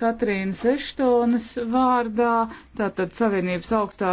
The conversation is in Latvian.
Katrīnas Eštonas vārdā, tātad Savienības augstā